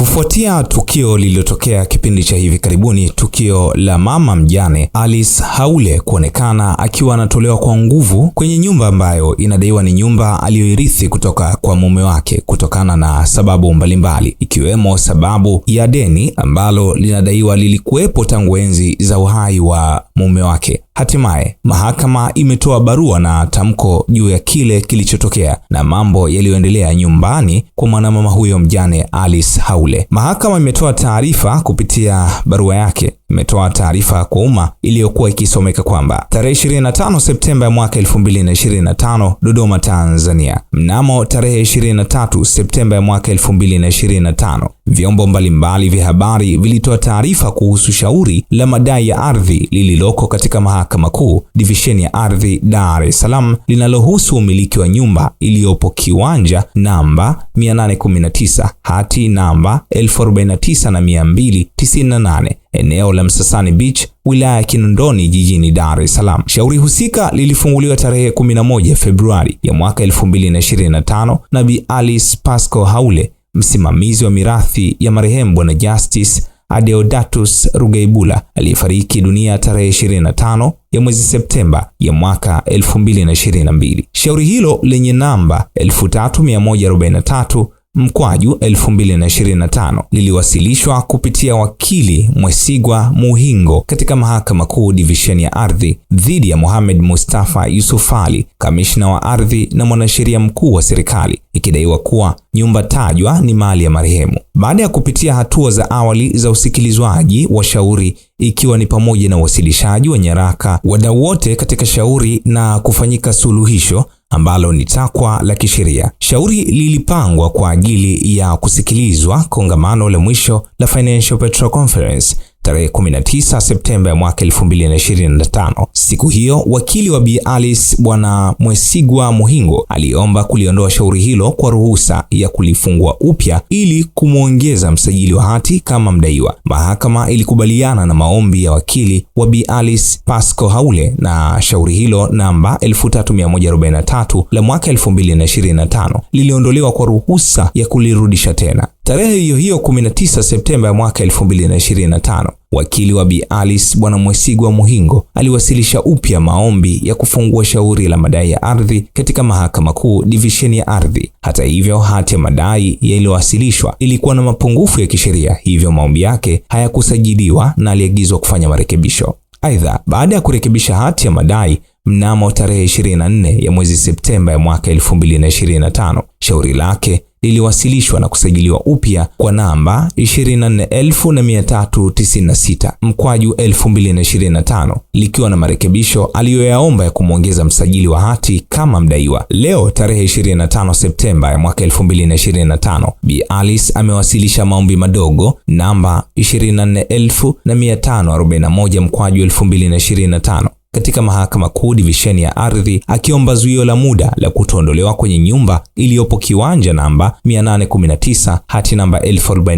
Kufuatia tukio lililotokea kipindi cha hivi karibuni, tukio la mama mjane Alice Haule kuonekana akiwa anatolewa kwa nguvu kwenye nyumba ambayo inadaiwa ni nyumba aliyoirithi kutoka kwa mume wake kutokana na sababu mbalimbali, ikiwemo sababu ya deni ambalo linadaiwa lilikuwepo tangu enzi za uhai wa mume wake. Hatimaye mahakama imetoa barua na tamko juu ya kile kilichotokea na mambo yaliyoendelea nyumbani kwa mwanamama huyo mjane Alice Haule ule. Mahakama imetoa taarifa kupitia barua yake imetoa taarifa kwa umma iliyokuwa ikisomeka kwamba tarehe 25 Septemba ya mwaka 2025, Dodoma, Tanzania. Mnamo tarehe 23 Septemba ya mwaka 2025, vyombo mbalimbali vya habari vilitoa taarifa kuhusu shauri la madai ya ardhi lililoko katika Mahakama Kuu divisheni ya ardhi Dar es Salaam linalohusu umiliki wa nyumba iliyopo kiwanja namba 819 hati namba 1049 na 298 eneo la Msasani Beach wilaya ya Kinondoni jijini Dar es Salaam. Shauri husika lilifunguliwa tarehe 11 Februari ya mwaka 2025 na Bi Alice Pasco Haule, msimamizi wa mirathi ya marehemu Bwana Justice Adeodatus rugaibula aliyefariki dunia tarehe 25 ya mwezi Septemba ya mwaka 2022. Shauri hilo lenye namba 3143 mkwaju 2025 liliwasilishwa kupitia wakili Mwesigwa Muhingo katika Mahakama Kuu divisheni ya ardhi dhidi ya Mohamed Mustafa yusuf ali kamishna wa ardhi na mwanasheria mkuu wa serikali, ikidaiwa kuwa nyumba tajwa ni mali ya marehemu. Baada ya kupitia hatua za awali za usikilizwaji wa shauri ikiwa ni pamoja na uwasilishaji wa nyaraka wadau wote katika shauri na kufanyika suluhisho ambalo ni takwa la kisheria. Shauri lilipangwa kwa ajili ya kusikilizwa kongamano la mwisho la Financial Petrol Conference tarehe 19 Septemba ya mwaka 2025. Siku hiyo wakili wa Bi Alice Bwana Mwesigwa Muhingo aliomba kuliondoa shauri hilo kwa ruhusa ya kulifungua upya ili kumwongeza msajili wa hati kama mdaiwa. Mahakama ilikubaliana na maombi ya wakili wa Bi Alice Pasco Haule na shauri hilo namba 3143 la mwaka 2025 liliondolewa kwa ruhusa ya kulirudisha tena. Tarehe hiyo hiyo 19 Septemba ya mwaka 2025, wakili wa Bi Alice Bwana Mwesigwa Muhingo aliwasilisha upya maombi ya kufungua shauri la madai ya ardhi katika Mahakama Kuu divisheni ya ardhi. Hata hivyo, hati ya madai yaliyowasilishwa ilikuwa na mapungufu ya kisheria, hivyo maombi yake hayakusajiliwa na aliagizwa kufanya marekebisho. Aidha, baada ya kurekebisha hati ya madai, mnamo tarehe 24 ya mwezi Septemba ya mwaka 2025. Shauri lake liliwasilishwa na kusajiliwa upya kwa namba 24396 mkwaju 2025 likiwa na marekebisho aliyoyaomba ya kumwongeza msajili wa hati kama mdaiwa. Leo tarehe 25 Septemba ya mwaka 2025, Bi Alice amewasilisha maombi madogo namba 24541 mkwaju 2025 katika Mahakama Kuu divisheni ya ardhi akiomba zuio la muda la kutoondolewa kwenye nyumba iliyopo kiwanja namba 819 hati namba 1049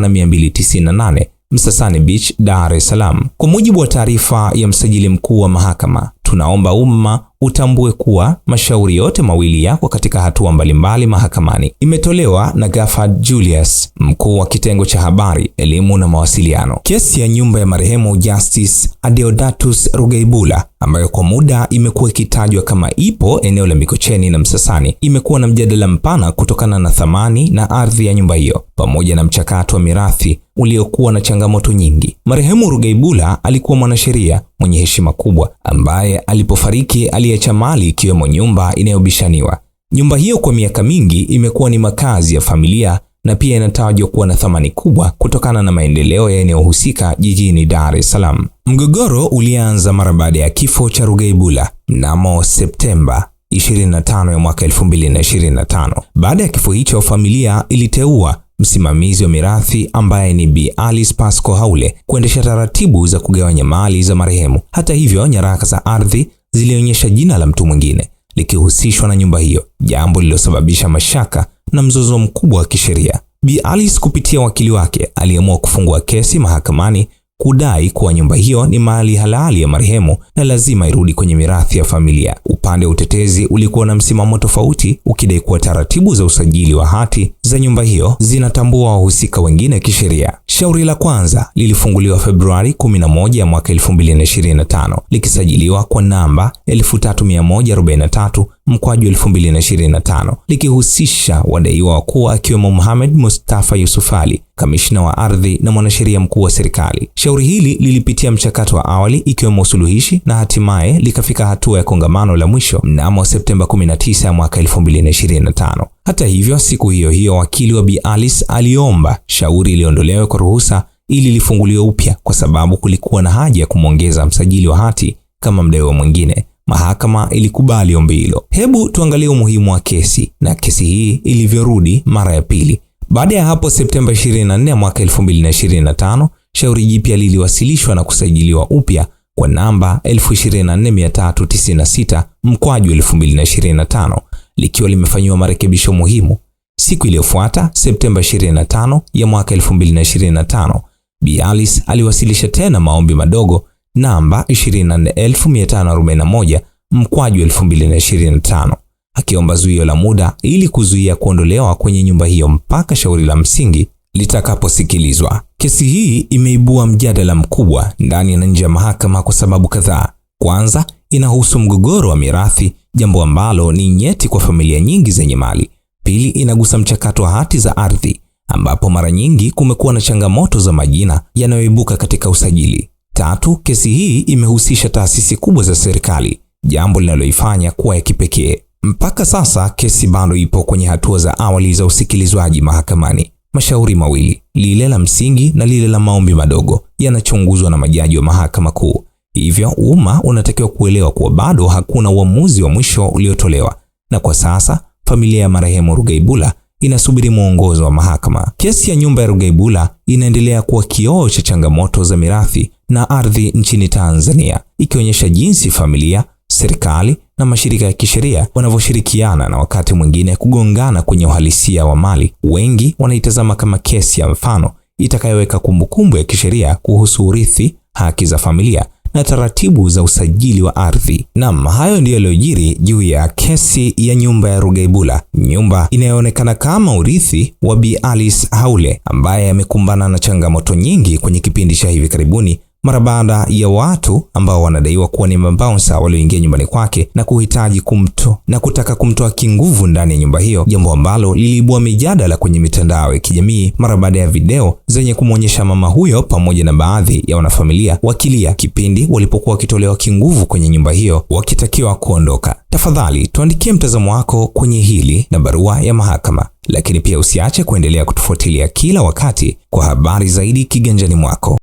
na 298 Msasani Beach, Dar es Salaam. Kwa mujibu wa taarifa ya msajili mkuu wa mahakama Tunaomba umma utambue kuwa mashauri yote mawili yako katika hatua mbalimbali mahakamani. Imetolewa na gafard Julius, mkuu wa kitengo cha habari, elimu na mawasiliano. Kesi ya nyumba ya marehemu Justice Adeodatus Rugeibula ambayo kwa muda imekuwa ikitajwa kama ipo eneo la Mikocheni na Msasani imekuwa na mjadala mpana kutokana na thamani na ardhi ya nyumba hiyo pamoja na mchakato wa mirathi uliokuwa na changamoto nyingi. Marehemu Rugeibula alikuwa mwanasheria mwenye heshima kubwa ambaye alipofariki aliacha mali ikiwemo nyumba inayobishaniwa. Nyumba hiyo kwa miaka mingi imekuwa ni makazi ya familia na pia inatajwa kuwa na thamani kubwa kutokana na maendeleo ya eneo husika jijini Dar es Salaam. Mgogoro ulianza mara baada ya kifo cha Rugeibula mnamo Septemba 25 ya mwaka 2025. Baada ya kifo hicho, familia iliteua msimamizi wa mirathi ambaye ni Bi Alice Pasco Haule kuendesha taratibu za kugawanya mali za marehemu. Hata hivyo, nyaraka za ardhi zilionyesha jina la mtu mwingine likihusishwa na nyumba hiyo, jambo lililosababisha mashaka na mzozo mkubwa wa kisheria. Bi Alice kupitia wakili wake aliamua kufungua kesi mahakamani kudai kuwa nyumba hiyo ni mali halali ya marehemu na lazima irudi kwenye mirathi ya familia. Upande wa utetezi ulikuwa na msimamo tofauti, ukidai kuwa taratibu za usajili wa hati za nyumba hiyo zinatambua wahusika wengine kisheria. Shauri la kwanza lilifunguliwa Februari 11 mwaka 2025 likisajiliwa kwa namba 3143 mkwaju 2025 likihusisha wadaiwa wakuu akiwemo Mohamed Mustafa Yusufali, kamishna wa ardhi na mwanasheria mkuu wa serikali. Shauri hili lilipitia mchakato wa awali ikiwemo usuluhishi na hatimaye likafika hatua ya kongamano la mwisho mnamo Septemba 19 mwaka 2025. Hata hivyo, siku hiyo hiyo wakili wa Bi Alice aliomba shauri liondolewe kwa ruhusa ili lifunguliwe upya kwa sababu kulikuwa na haja ya kumwongeza msajili wa hati kama mdaiwa mwingine mahakama ilikubali ombi hilo. Hebu tuangalie umuhimu wa kesi na kesi hii ilivyorudi mara ya pili. Baada ya hapo, Septemba 24 mwaka 2025, shauri jipya liliwasilishwa na kusajiliwa upya kwa namba 24396 mkwaju 2025 likiwa limefanyiwa marekebisho muhimu. Siku iliyofuata Septemba 25 ya mwaka 2025, Bialis aliwasilisha tena maombi madogo namba 24541 mkwaju 2025 akiomba zuio la muda ili kuzuia kuondolewa kwenye nyumba hiyo mpaka shauri la msingi litakaposikilizwa. Kesi hii imeibua mjadala mkubwa ndani na nje ya mahakama kwa sababu kadhaa. Kwanza, inahusu mgogoro wa mirathi, jambo ambalo ni nyeti kwa familia nyingi zenye mali. Pili, inagusa mchakato wa hati za ardhi, ambapo mara nyingi kumekuwa na changamoto za majina yanayoibuka katika usajili. Tatu, kesi hii imehusisha taasisi kubwa za serikali, jambo linaloifanya kuwa ya kipekee. Mpaka sasa kesi bado ipo kwenye hatua za awali za usikilizwaji mahakamani. Mashauri mawili, lile la msingi na lile la maombi madogo, yanachunguzwa na majaji wa mahakama kuu. Hivyo umma unatakiwa kuelewa kuwa bado hakuna uamuzi wa mwisho uliotolewa, na kwa sasa familia ya marehemu Rugaibula inasubiri mwongozo wa mahakama. Kesi ya nyumba ya Rugaibula inaendelea kuwa kioo cha changamoto za mirathi na ardhi nchini Tanzania, ikionyesha jinsi familia, serikali na mashirika ya kisheria wanavyoshirikiana na wakati mwingine kugongana kwenye uhalisia wa mali. Wengi wanaitazama kama kesi ya mfano itakayoweka kumbukumbu ya kisheria kuhusu urithi, haki za familia na taratibu za usajili wa ardhi. Naam, hayo ndiyo yaliyojiri juu ya kesi ya nyumba ya Rugaibula, nyumba inayoonekana kama urithi wa Bi Alice Haule ambaye amekumbana na changamoto nyingi kwenye kipindi cha hivi karibuni mara baada ya watu ambao wanadaiwa kuwa ni mabouncer walioingia nyumbani kwake na kuhitaji kumto na kutaka kumtoa kinguvu ndani ya nyumba hiyo, jambo ambalo liliibua mijadala kwenye mitandao ya kijamii mara baada ya video zenye kumwonyesha mama huyo pamoja na baadhi ya wanafamilia wakilia kipindi walipokuwa wakitolewa kinguvu kwenye nyumba hiyo wakitakiwa kuondoka. Tafadhali tuandikie mtazamo wako kwenye hili na barua ya mahakama, lakini pia usiache kuendelea kutufuatilia kila wakati kwa habari zaidi kiganjani mwako.